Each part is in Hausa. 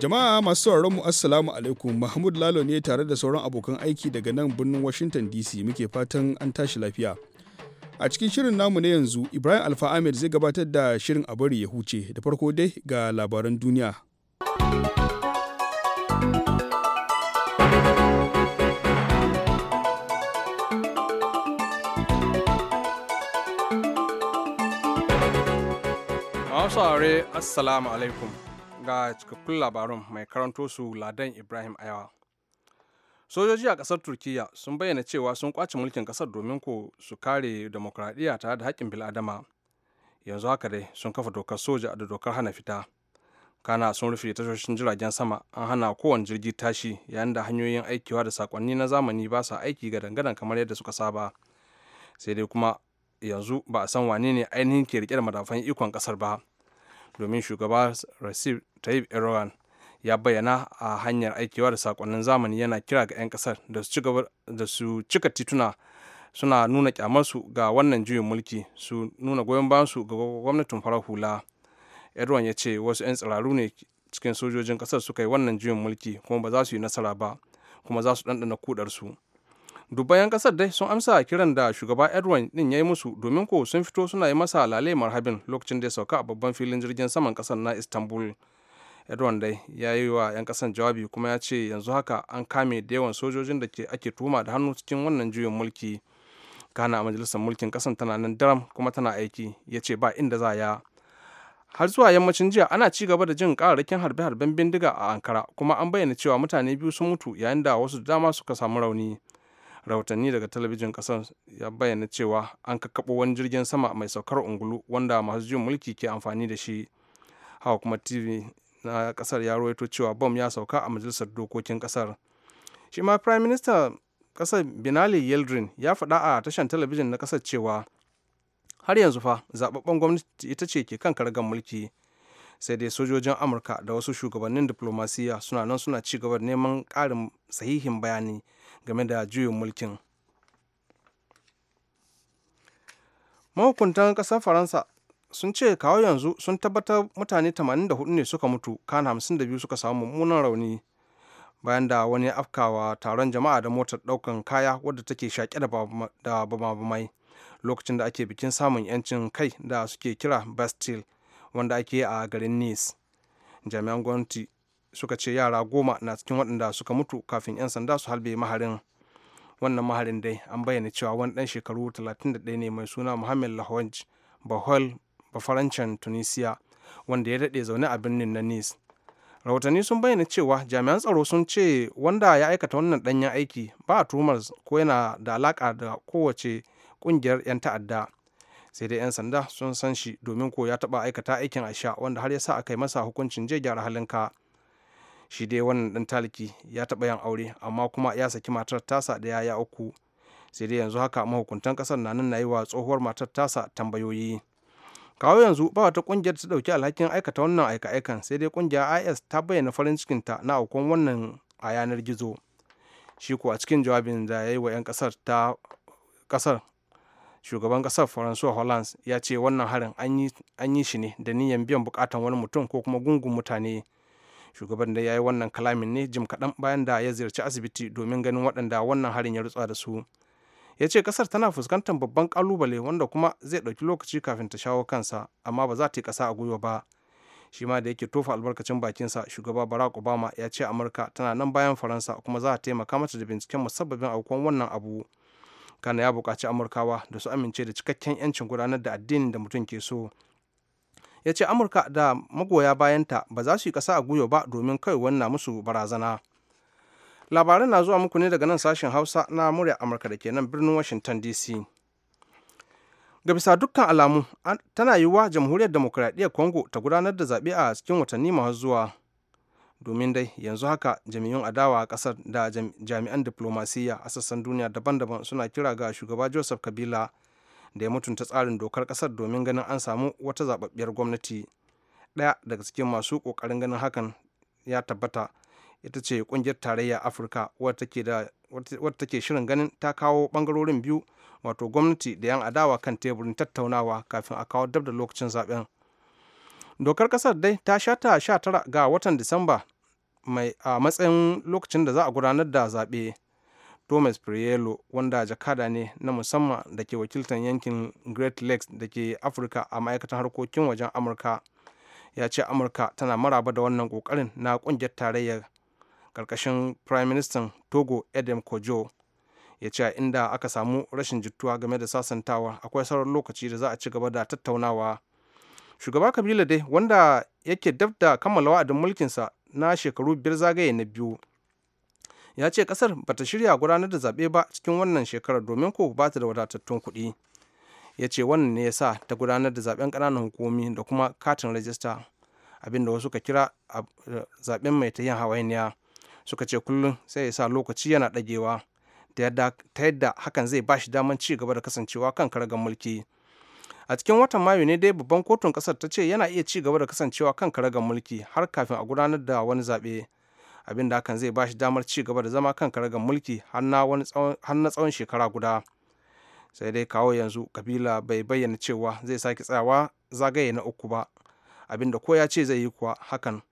Jama'a masu sauraron mu Assalamu alaikum Mahmud Lalo ne tare da sauran abokan aiki daga nan birnin Washington DC muke fatan an tashi lafiya. A cikin shirin namu na yanzu Ibrahim Alfa Ahmed zai gabatar da shirin a bari ya huce da farko dai ga labaran duniya. Masu Assalamu alaikum. ga cikakkun labarun mai karanto su Ladan Ibrahim Ayawa. Sojoji a ƙasar Turkiyya sun bayyana cewa sun kwace mulkin ƙasar domin ko su kare demokuraɗiyya tare da haƙƙin bil'adama. Yanzu haka dai sun kafa dokar soja da dokar hana fita. Kana sun rufe tashoshin jiragen sama an hana kowane jirgi tashi yayin da hanyoyin aikiwa da sakonni na zamani ba sa aiki ga dangadan kamar yadda suka saba. Sai dai kuma yanzu ba a san wane ne ainihin ke rike da madafan ikon kasar ba domin shugaba recep tayyip erdogan ya bayyana a hanyar aikewa da sakonnin zamani yana kira ga 'yan kasar da su cika tituna suna nuna kyamarsu ga wannan juyin mulki su nuna goyon bayansu ga gwamnatin farar hula erdogan ya ce wasu 'yan tsiraru ne cikin sojojin kasar suka yi wannan juyin mulki kuma ba za su yi nasara ba kuma za su ɗanɗana kudarsu dubban 'yan kasar dai sun amsa kiran da shugaba erdogan din ya yi musu domin ko sun fito suna yi masa lale habin lokacin da ya sauka a babban filin jirgin saman kasar na istanbul edwan dai ya yi wa 'yan kasan jawabi kuma ya ce yanzu haka an kame da yawan sojojin da ake tuma da hannu cikin wannan juyin mulki kana a majalisar mulkin kasan tana nan daram kuma tana aiki ya ce ba inda za ya har zuwa yammacin jiya ana ci gaba da jin kararrakin harbe-harben bindiga a ankara kuma an bayyana cewa mutane biyu sun mutu yayin da wasu dama suka samu rauni rahotanni daga talabijin kasar ya bayyana cewa an kakkaɓo wani jirgin sama mai saukar ungulu wanda masu jin mulki ke amfani da shi hawa kuma tv na kasar ya rawaito cewa bom ya sauka a majalisar dokokin kasar shi ma prime minister kasar binali yeldrin ya faɗa a tashar talabijin na kasar cewa har yanzu fa zababben gwamnati ita ce ke kan kargan mulki sai dai sojojin amurka da wasu shugabannin diplomasiya suna nan suna ci gaba da neman ƙarin sahihin bayani game da juyin mulkin mahukuntan ƙasar faransa sun ce kawo yanzu sun tabbatar mutane 84 ne suka mutu kana 52 suka samu mummunan rauni bayan da wani ya afkawa taron jama'a da motar daukan kaya wadda take shaƙe da bamabamai lokacin da ake bikin samun 'yancin kai da suke kira bastille wanda ake a garin nice jami'an gwamnati suka ce yara goma na cikin waɗanda suka mutu kafin 'yan sanda su halbe maharin wannan maharin dai an bayyana cewa wani ɗan shekaru 31 ne mai suna muhammad lahoj bahol bafarancin tunisia wanda ya daɗe zaune a birnin na nice rahotanni sun bayyana cewa jami'an tsaro sun ce wanda ya aikata wannan danyen aiki ba a tuhumar ko yana da alaka da kowace kungiyar 'yan ta'adda sai dai 'yan sanda sun san shi domin ko ya taba aikata aikin asha wanda har ya sa aka yi masa hukuncin je gyara halin ka. shi dai wannan dan taliki ya taba yin aure amma kuma ya saki matar tasa da yaya uku sai dai yanzu haka mahukuntan kasar na nan na yi wa tsohuwar matar tasa tambayoyi kawo yanzu ba wata kungiyar ta dauki alhakin aikata wannan aika-aikan sai dai kungiyar is ta bayyana farin cikinta na aukon wannan a yanar gizo shi ko a cikin jawabin da ya yi wa 'yan kasar ta kasar shugaban kasar faransuwa hollands ya ce wannan harin an yi shi ne da niyyar biyan bukatan wani mutum ko kuma gungun mutane shugaban da ya yi wannan kalamin ne jim kaɗan bayan da ya ziyarci asibiti domin ganin waɗanda wannan harin ya rutsa da su ya ce kasar tana fuskantar babban kalubale wanda kuma zai ɗauki lokaci kafin ta shawo kansa amma ba za ta yi kasa a gwiwa ba shi ma da yake tofa albarkacin bakinsa shugaba barack obama ya ce amurka tana nan bayan faransa kuma za ta taimaka mata da binciken musabbabin aukuwan wannan abu kana ya buƙaci amurkawa da su amince da cikakken yancin gudanar da addinin da mutum ke so ya ce amurka da magoya bayanta ba za su yi ƙasa a gwiwa ba domin kai wannan musu barazana labaran na zuwa muku ne daga nan sashen hausa na murya amurka da ke nan birnin washington dc ga bisa dukkan alamu tana yiwuwa jamhuriyar demokuraɗiyyar congo ta gudanar da zaɓe a cikin watanni masu zuwa domin dai yanzu haka jami'un adawa a ƙasar da jami'an diplomasiyya a sassan duniya daban-daban suna kira ga shugaba joseph kabila da ya mutunta tsarin dokar ƙasar domin ganin an samu wata zaɓaɓɓiyar gwamnati ɗaya daga cikin masu ƙoƙarin ganin hakan ya tabbata ita ce kungiyar tarayya afirka wadda take shirin ganin ta kawo bangarorin biyu wato gwamnati da yan adawa kan teburin tattaunawa kafin a kawo dab da lokacin zaben dokar kasar dai ta sha shata tara ga watan disamba mai a matsayin lokacin da za a gudanar da zaɓe thomas priello wanda jakada ne na musamman da ke wakiltar yankin great lakes da ke afirka a ma'aikatan harkokin wajen amurka ya ce amurka tana maraba da wannan kokarin na kungiyar tarayyar karkashin prime minister togo edem kojo ya ce inda aka samu rashin jituwa game da sasantawa akwai sauran lokaci da za a ci gaba da tattaunawa shugaba kabila dai wanda yake dab da kammala wa'adin mulkinsa na shekaru biyar zagaye na biyu ya ce kasar ta shirya gudanar da zaɓe ba cikin wannan shekarar domin ko ba ta da wadatattun kuɗi ya ce wannan ne ya sa ta gudanar da zaɓen ƙananan hukumi da kuma katin rajista abinda wasu ka kira zaɓen mai ta yin hawainiya suka ce kullum sai ya sa lokaci yana ɗagewa ta yadda hakan zai ba shi daman ci gaba da kasancewa kan karagar mulki a cikin watan mayu ne dai babban kotun kasar ta ce yana iya ci gaba da kasancewa kan karagar mulki har kafin a gudanar da wani zaɓe abin da hakan zai ba shi damar ci gaba da zama kan karagar mulki har na tsawon shekara guda sai dai kawo yanzu kabila bai bayyana cewa zai sake tsayawa zagaye na uku ba abinda ko ya ce zai yi kuwa hakan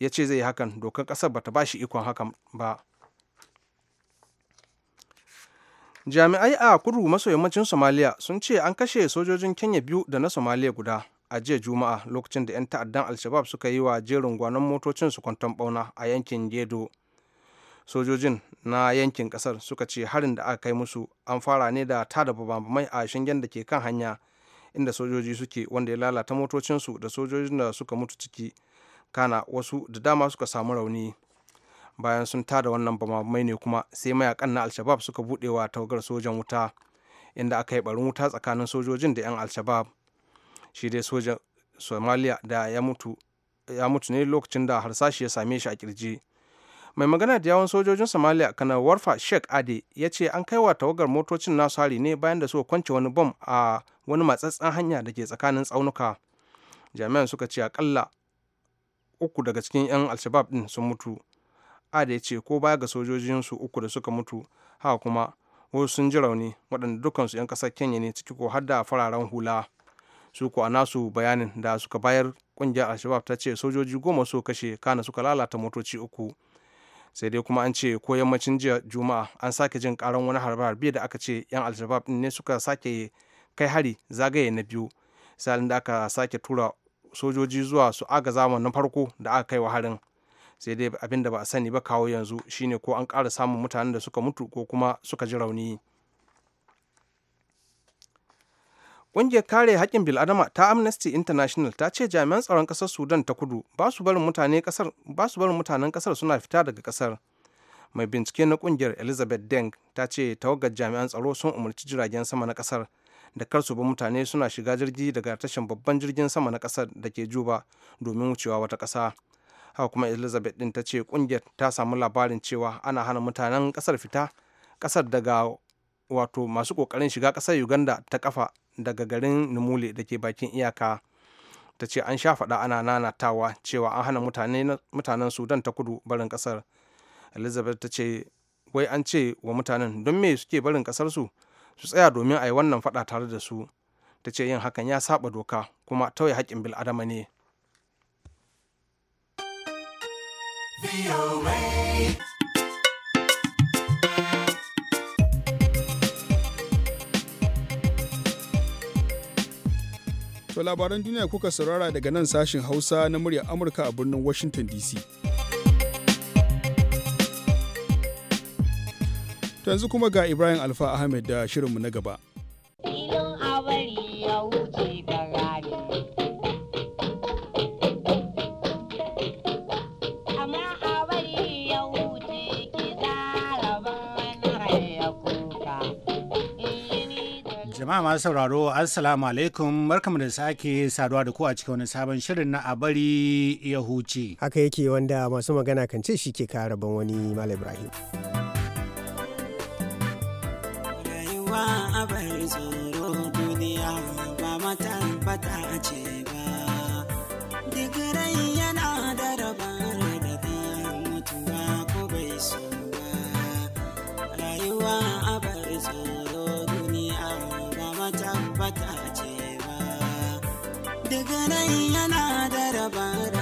ya ce zai yi hakan dokar kasar bata ba shi ikon hakan ba jami'ai a kudu maso yammacin somaliya sun ce an kashe sojojin kenya biyu da na somaliya guda a jiya juma'a lokacin da 'yan ta'addan alshabab suka yi wa jerin gwanon motocin su kwanton bauna a yankin gedo sojojin na yankin kasar suka ce harin da aka kai musu an fara ne da ta da babamai a shingen da ke kan hanya inda sojoji suke wanda ya lalata motocinsu da sojojin da suka mutu ciki kana wasu da dama suka samu rauni bayan sun tada wannan bamamai ne kuma sai mayakan na alshabab suka buɗe wa tawagar sojan wuta inda aka yi barin wuta tsakanin sojojin da 'yan alshabab shi dai sojan somalia da ya mutu ne lokacin da harsashi ya same shi a kirji mai magana da yawon sojojin somalia kana warfa sheikh ade ya ce an kai wa tawagar motocin nasu hari ne bayan da suka kwance wani bom a wani matsatsen hanya da ke tsakanin tsaunuka jami'an suka ce akalla uku daga cikin 'yan alshabab ɗin sun mutu da ya ce ko baya ga sojojinsu uku da suka mutu haka kuma wasu sun ji rauni waɗanda dukansu 'yan ƙasar kenya ne ciki ko har da fararen hula su ko a nasu bayanin da suka bayar ƙungiyar alshabab ta ce sojoji goma su kashe kana suka lalata motoci uku sai dai kuma an ce ko yammacin jiya juma'a an sake jin karan wani harbe-harbe da aka ce 'yan alshabab ne suka sake kai hari zagaye na biyu salin da aka sake tura sojoji zuwa su aga na farko da aka kai wa harin sai dai abin da ba a sani ba kawo yanzu shine ko an ƙara samun mutanen da suka mutu ko kuma suka ji rauni ƙungiyar kare haƙƙin bil'adama ta amnesty international ta ce jami'an tsaron ƙasar sudan ta kudu ba su barin mutanen ƙasar suna fita daga ƙasar mai bincike na ƙungiyar elizabeth deng ta ce tawagar jami'an tsaro sun umarci jiragen sama na ƙasar da karsu ba mutane suna shiga jirgi daga tashin babban jirgin sama na kasar da ke juba domin wucewa wata kasa haka kuma elizabeth din ta ce kungiyar ta samu labarin cewa ana hana mutanen kasar fita kasar daga wato masu kokarin shiga kasar uganda ta kafa daga garin numule da ke bakin iyaka ta ce an sha faɗa ana nanatawa cewa an hana mutanen sudan ta kudu barin kasar elizabeth ta ce wai an ce wa mutanen don me suke barin kasarsu su su tsaya domin a yi wannan fada tare da su ta ce yin hakan ya saba doka kuma tauye haƙƙin bil'adama ne To labaran duniya kuka saurara daga nan sashin Hausa na muryar Amurka a birnin Washington DC. yanzu kuma ga Ibrahim Alfa Ahmed da shirinmu na gaba. jama'a masu sauraro assalamu alaikum barkamu da sake saduwa da ku a cikin wani sabon shirin na abari ya huce haka yake wanda masu magana kan ce shi ke kara rabon wani malam ibrahim kowa abar tsoro duniya ba matabbata ce ba digirai yana da rabar da ta mutuwa ko bai so ba rayuwa abar tsoro duniya ba matabbata ce ba digirai yana da rabar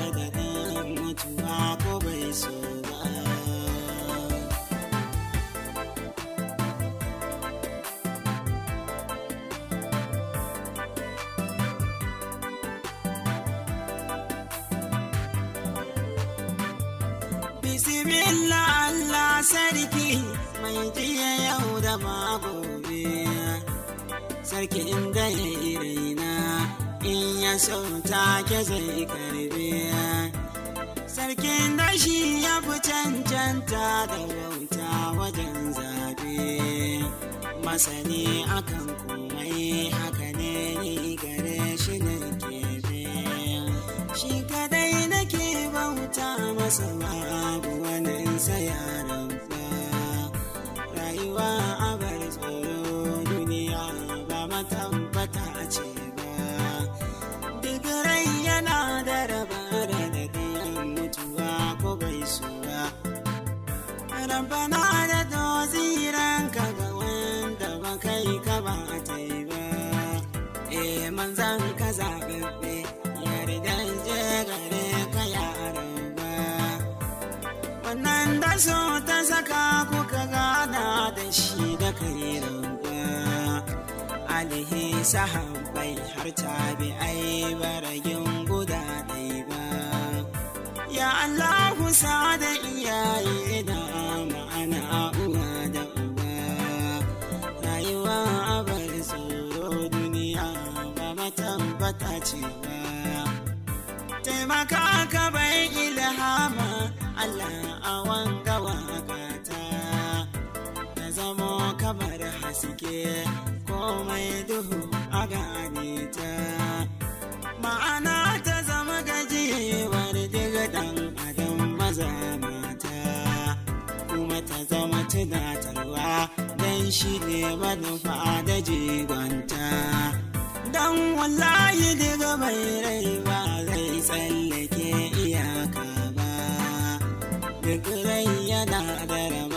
sarkin gaya raina in ya sauta ke zai karbe sarkin shi ya fi cancanta da wauta wajen zabe masani akan komai haka ne ni gare shi na kebe shi kadai nake bauta masa babu wani sayaran zo ta saka kuka gana da shi da kai rumfa alihi sahabbai har bi ai baragin guda ɗai ba ya allahu sa da iyaye da ma'ana uwa da uba rayuwa abar tsoro duniya ba matabbata ce ba taimaka ka bai ilhama allah haske komai duhu a gane ta ma'ana ta zama gajiyewar daga dan adam maza mata kuma ta zama tunatarwa don shi ne manufa da jigonta don wallahi daga mai rai ba zai tsallake iyaka ba duk rai yana da rama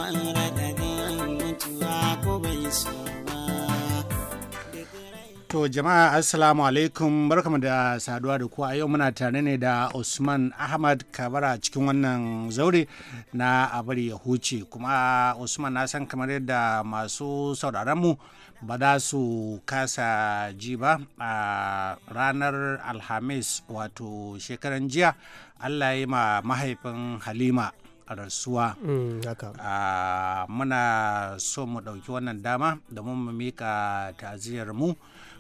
To jama'a assalamu alaikum barkamu da saduwa da ku a yau muna tare ne da Usman Ahmad Kabara cikin wannan zaure na abari ya huce kuma Usman na san kamar yadda masu sauraronmu ba za su kasa ji ba a ranar Alhamis wato shekaran jiya Allah ya ma mahaifin Halima rasuwa mm, a muna so mu ɗauki wannan dama da mu mika ta'aziyar mu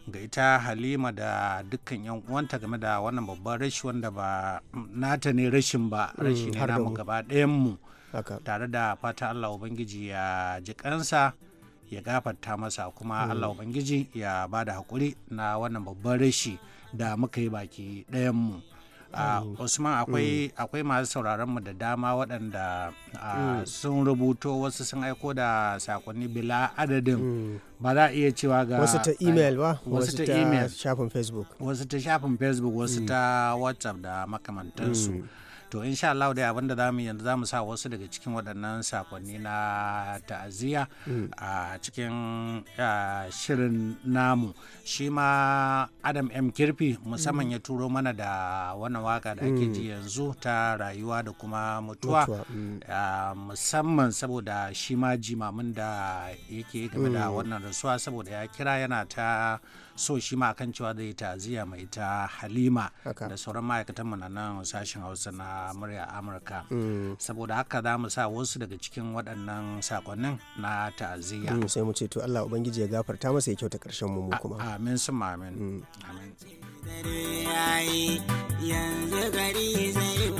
ga ita halima da dukkan yan uwanta game da wannan babban rashi wanda ba mm, nata ne rashin ba mm, rashi ne namu gaba dayan mu tare da fata allah ubangiji ya ji kansa ya gafarta masa kuma mm. allah ubangiji ya ba da haƙuri na wannan babban rashi da muka yi baki ɗayan mu usman akwai mm. akwai masu sauraron mu da dama waɗanda mm. sun rubuto wasu sun aiko da sakonni bila adadin mm. ba za a iya cewa ga wasu ta email ba wasu ta email shafin facebook wasu ta shafin facebook wasu ta whatsapp da makamantansu to insha Allah da abinda za mu yanzu za mu sa wasu daga cikin waɗannan sakonni na ta'aziyya mm. a cikin shirin namu shi ma adam m kirfi musamman mm. ya turo mana da wannan waka da ake ji mm. yanzu ta rayuwa da kuma mutuwa musamman saboda shi ma jimamin da yake game da wannan rasuwa saboda ya kira yana ta so shi ma kan cewa zai ta'aziyya mai ta halima da sauran ma'aikatan mu na nan sashen hausa na murya amurka mm. saboda haka za mu sa wasu daga cikin waɗannan sakonnin na ta'aziyya mm, sai mu ce to allah ubangiji ya gafarta masa ya kyauta karshen mu kuma amin sun amin mm. amin yanzu gari zai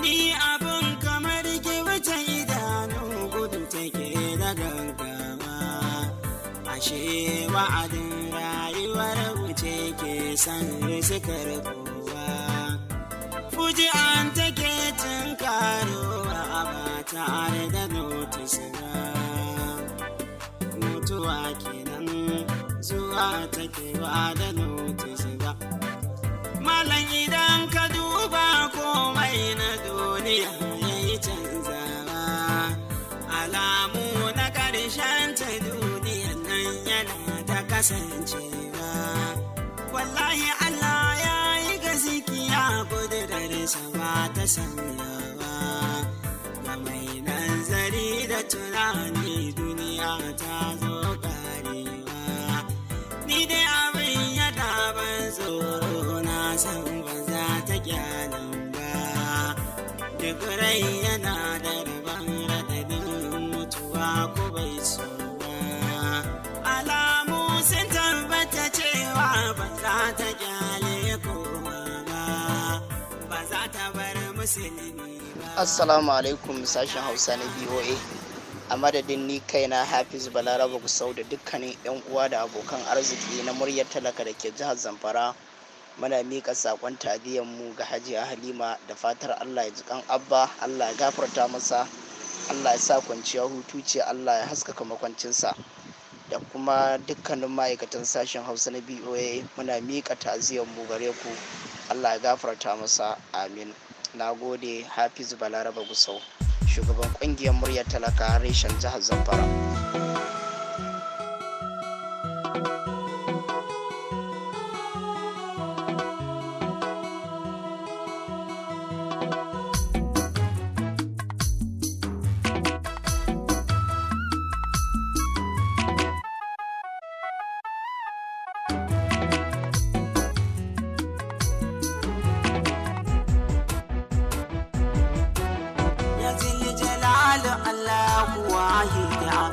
ni abun kamar ke wuce idanu gudu take daga ga ashe wa'adin rayuwar wuce ke san rizikar kowa fuji an take tun karuwa ba tare da notis ba mutuwa kenan zuwa take da notis ba malam idan ka duba komai na duniya kasancewa wallahi Allah ya yi gaskiya kudurarsa ba ta sanyawa ga mai nazari da tunani duniya ta zo karewa ni dai abin ya ban tsoro na san ba za ta kyanan ba duk rai yana assalamu alaikum sashen hausa na boa a madadin ni kaina hafiz balaraba gusau da dukkanin yan uwa da abokan arziki na muryar talaka da ke jihar zamfara muna miƙa saƙon mu ga hajiya halima da fatar allah ya ji kan abba allah ya gafarta masa allah ya sa kwanciya hutu ce allah ya haskaka makwancinsa da kuma dukkanin ma'aikatan sashen hausa na boa muna miƙa mu gare ku allah ya gafarta masa amin na gode hafizu balaraba gusau shugaban kungiyar muryar talaka reshen jihar zamfara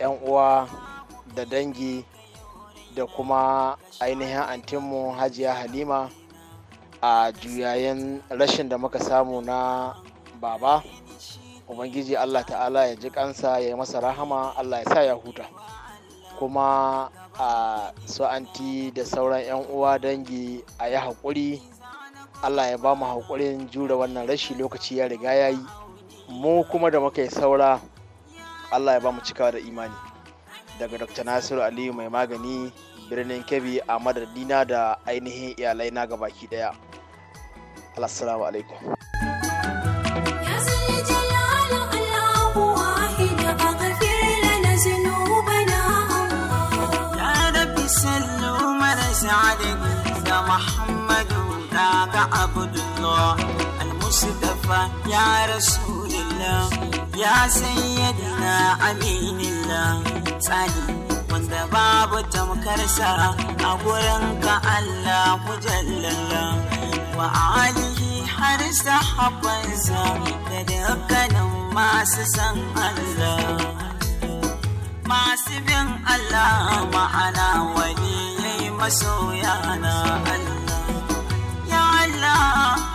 'yan uwa da dangi da kuma ainihin antinmu hajiya halima a juyayen rashin da muka samu na baba ubangiji allah ta'ala ya ji kansa ya yi masa rahama allah ya sa ya huta kuma a su anti da sauran 'yan uwa dangi a yi haƙuri allah ya ba mu haƙurin jure wannan rashi lokaci ya riga ya yi mu kuma da muka yi saura allah ya ba mu cikawa da imani daga dr nasiru aliyu mai magani birnin kebbi a madadina da ainihin iyalaina na gabaki daya assalamu alaikum محمد راك عبد الله المصطفى يا رسول الله ya san yadda sayyadina aminillah tsani wanda babu tamkarsa a ka Allah jallalla wa alihi har sahabansa da dukkanin masu san Allah masu bin Allah ma'ana wani ya yi masoya na Allah ya Allah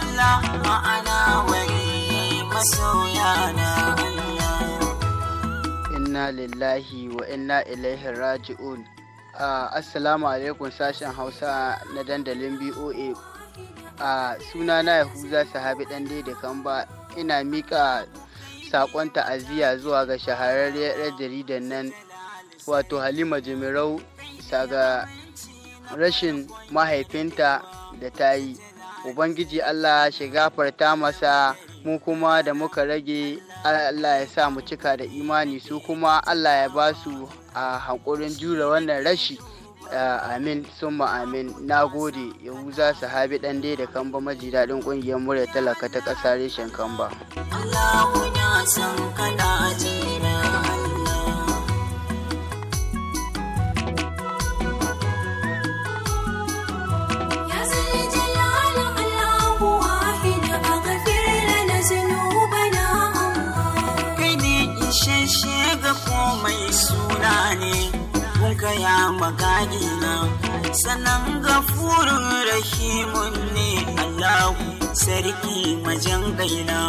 Allah ma'ana wani ya yi masoya na inna lillahi wa inna ilaihi raji'un ah, assalamu alaikum sashen hausa na dandalin boa A ah, suna na yahuza sahabi dan da kamba ina mika sakon ta'aziyya zuwa ga shahararriyar jaridar nan wato halima jimirau saga rashin mahaifinta da ta yi ubangiji allah shi gafarta masa mu kuma da muka rage allah ya sa mu cika da imani su kuma allah ya ba su a hankurin jure wannan rashi amin summa amin na gode yahuza sahabi ɗan dai da kamba maji daɗin ƙungiyar murya talaka ta ƙasa reshen kamba allah ya san kana jira ya makagina sannan gafurun rahimun ne Allahu sarki majan gaina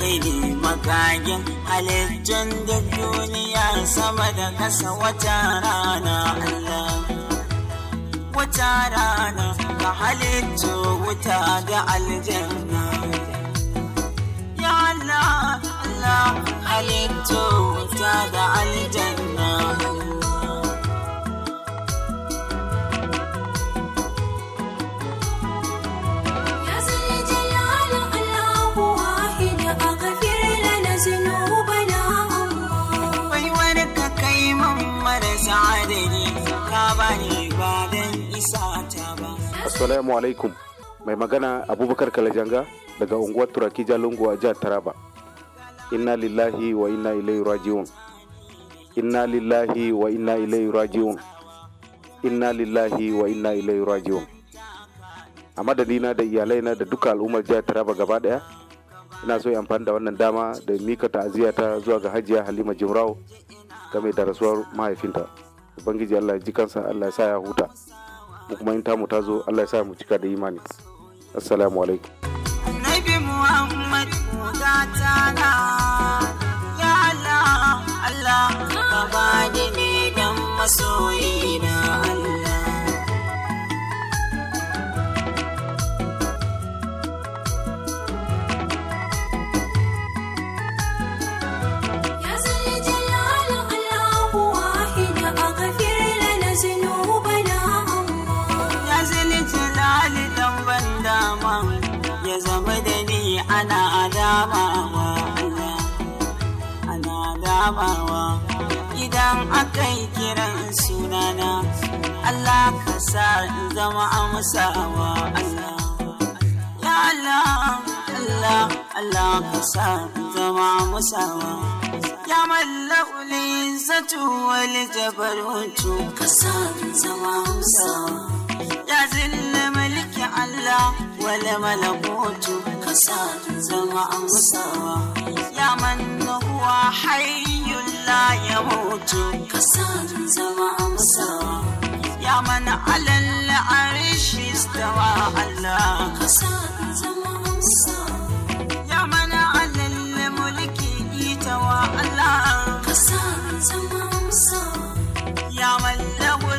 kai ne magagin halittun da duniya sama da kasa wata rana Allah wata rana ka halitto wuta da aljanna ya Allah Allah halitto wuta da aljanna Assalamu alaikum. Mai magana Abubakar Kalajanga daga unguwar Turaki Jalungu a jihar Taraba. Inna lillahi wa inna ilaihi raji'un. Inna lillahi wa inna ilaihi raji'un. Inna lillahi wa inna ilaihi raji'un. A madadina da iyalaina da duka al'ummar jihar Taraba gaba daya. Ina so amfani da wannan dama da mika ta'aziyata zuwa ga Hajiya Halima Jimrawo game da rasuwar mahaifinta. Ubangiji Allah ya ji kansa Allah ya sa ya huta. mu kuma in tamu ta zo Allah ya sa mu cika da imani assalamu alaikum annabi muhammad kiran sunana Allah ka sa in zama amsawa Allah ya Allah Allah Allah ka sa in zama amsawa ya mallakuli zatu wal jabaruntu ka sa in zama amsawa ya zinna maliki Allah wal malakutu ka sa in zama amsawa ya man huwa hayyul Allah ya mutu kasan zama amsa ya mana stawa Allah kasan zama amsa ya mana alalla mulki itawa Allah kasan zama amsa ya mallahu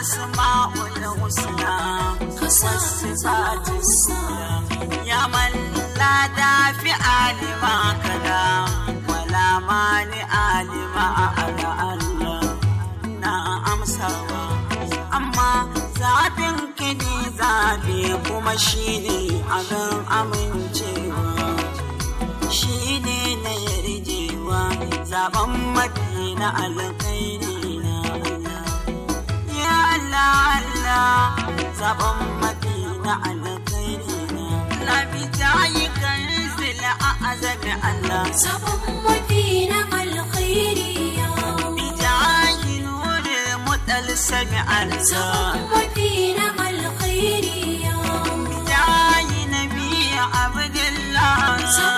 asma'ul husna kasan ya man la dafi'a lima kalam zamani alima a Allah na amsawa amma zafin kini ne zaɓe kuma shi ne abin amincewa shi ne na yarjewa zaɓen mafi na alkhairi na Allah ya Allah Allah zaɓen mafi na alkhairi na labi yi da azami Allah. Sabon mafi na alkhairi ya yi sami mafi na alkhairi ya Bijahi nabi Abdullah.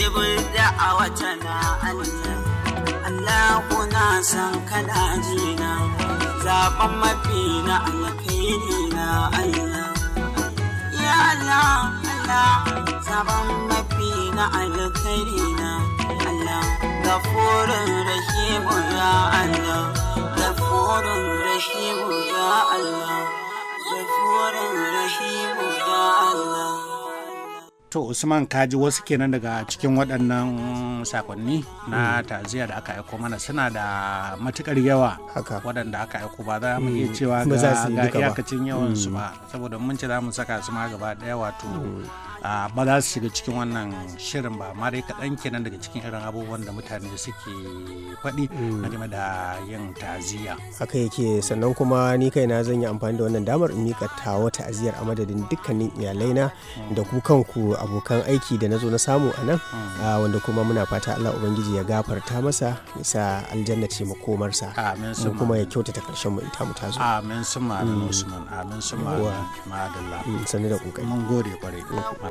jibin da'awa wata alina Allah na san kana jina zaɓen mafi na alkhairi na Allah ya Allah Allah zaɓen mafi na alkhairi na Allah gafurin rahimu ya Allah gafurin rahimu ya Allah rahimu ya Allah to usman kaji wasu kenan daga cikin waɗannan mm, sakonni na hmm. taziya da aka aiko mana suna da matukar yawa waɗanda aka aiko ba za mu iya hmm. cewa ga iyakacin yawan su hmm. ba saboda mun ce za mu saka su ma gaba daya wato ba za su shiga cikin wannan shirin ba ma dai kaɗan kenan daga cikin irin abubuwan da mutane suke faɗi na game da yin taziya haka yake sannan kuma ni kaina zan yi amfani da wannan damar in miƙa tawa ta'aziyar a madadin dukkanin iyalaina da ku kanku abokan aiki da na zo na samu a nan hmm. ah, wanda kuma muna fata Allah Ubangiji ya gafarta masa ya sa aljanna ce makomarsa mu kuma ya kyautata karshen mu ita mu ta zo amin suma hmm. amin usman amin hmm, sani da kokari mun gode kwarai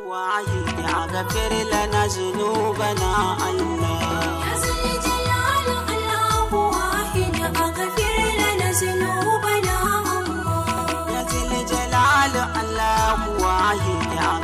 wahi ya gafir lana zunubana Allah ya jalalu Allah wahi ya gafir lana zunubana Allah ya Allah wahi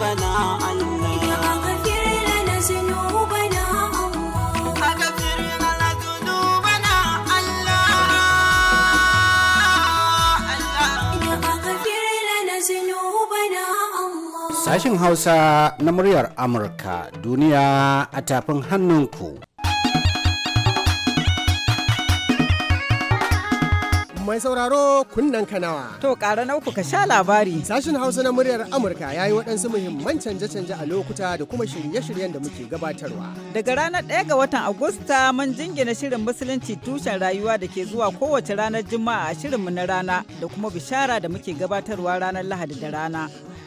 ذنوبنا Sashen Hausa na muryar Amurka duniya a tafin hannunku. Mai sauraro kunnen kanawa. To ƙara na uku ka sha labari. Sashen Hausa na muryar Amurka ya yi waɗansu muhimman canje-canje a lokuta da kuma shirye-shiryen da muke gabatarwa. Daga ranar ɗaya ga watan Agusta mun jingina shirin Musulunci tushen rayuwa da ke zuwa kowace ranar Juma'a a shirinmu na rana da kuma bishara da muke gabatarwa ranar Lahadi da rana.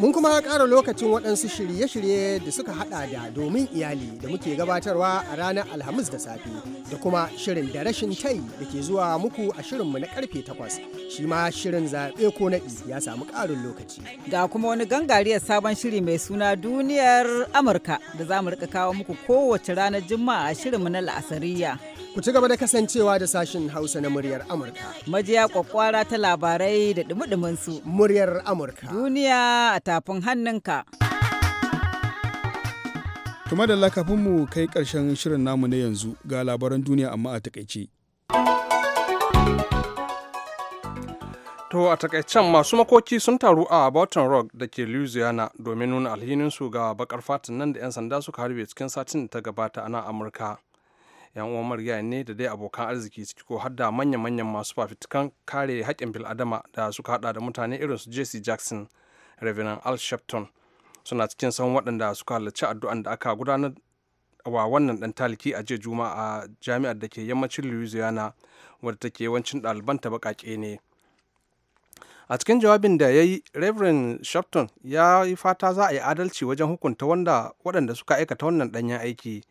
Mun kuma ƙara lokacin waɗansu shirye-shirye da suka haɗa da domin iyali da muke gabatarwa a ranar Alhamis da safe da kuma shirin da rashin tai da ke zuwa muku a shirinmu na karfe takwas. Shi ma shirin zaɓe ko naɗi ya samu ƙarin lokaci. Ga kuma wani gangariyar sabon shiri mai suna duniyar Amurka da za mu rika kawo muku kowace ranar Juma'a a shirinmu na La'asariya. Ku ci gaba da kasancewa da sashin Hausa na muryar Amurka. Majiya kwakwara ta labarai da dumi su. Muryar Amurka. Duniya a tafin hannunka. Tuma da kafin mu kai ƙarshen shirin namu na yanzu ga labaran duniya amma a takaice. To a takaicen masu makoki sun taru a Baton Rock da ke Louisiana domin nuna alhininsu ga bakar fatan nan da 'yan sanda suka harbe cikin satin da ta gabata a nan Amurka. yan uwan marigayen ne da dai abokan arziki ciki ko har da manya-manyan masu fafitukan kare haƙƙin bil'adama da suka hada da mutane irin su jesse jackson reverend al shepton suna cikin sahun waɗanda suka halarci addu'an da aka gudanar wa wannan ɗan taliki a jiya juma'a a jami'ar da ke yammacin louisiana wadda take yawancin ɗaliban ta baƙaƙe ne a cikin jawabin da ya yi reverend shepton ya yi fata za a yi adalci wajen hukunta wanda waɗanda suka aikata wannan ɗanyen aiki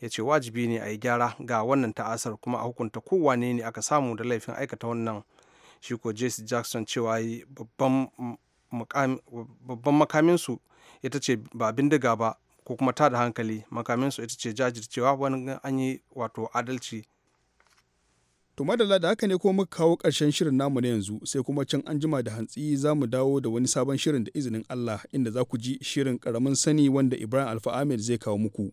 ya ce wajibi ne a yi gyara ga wannan ta'asar kuma a hukunta kowane ne aka samu da laifin aikata wannan shi ko jesse jackson cewa babban makaminsu ita ce ba bindiga ba ko kuma da hankali makaminsu ita ce jajircewa wani an yi wato adalci To madalla da haka ne ko muka kawo ƙarshen shirin namu na yanzu sai kuma can anjima da hantsi za mu dawo da wani sabon shirin da izinin Allah inda za ku ji shirin ƙaramin sani wanda Ibrahim Alfa Ahmed zai kawo muku.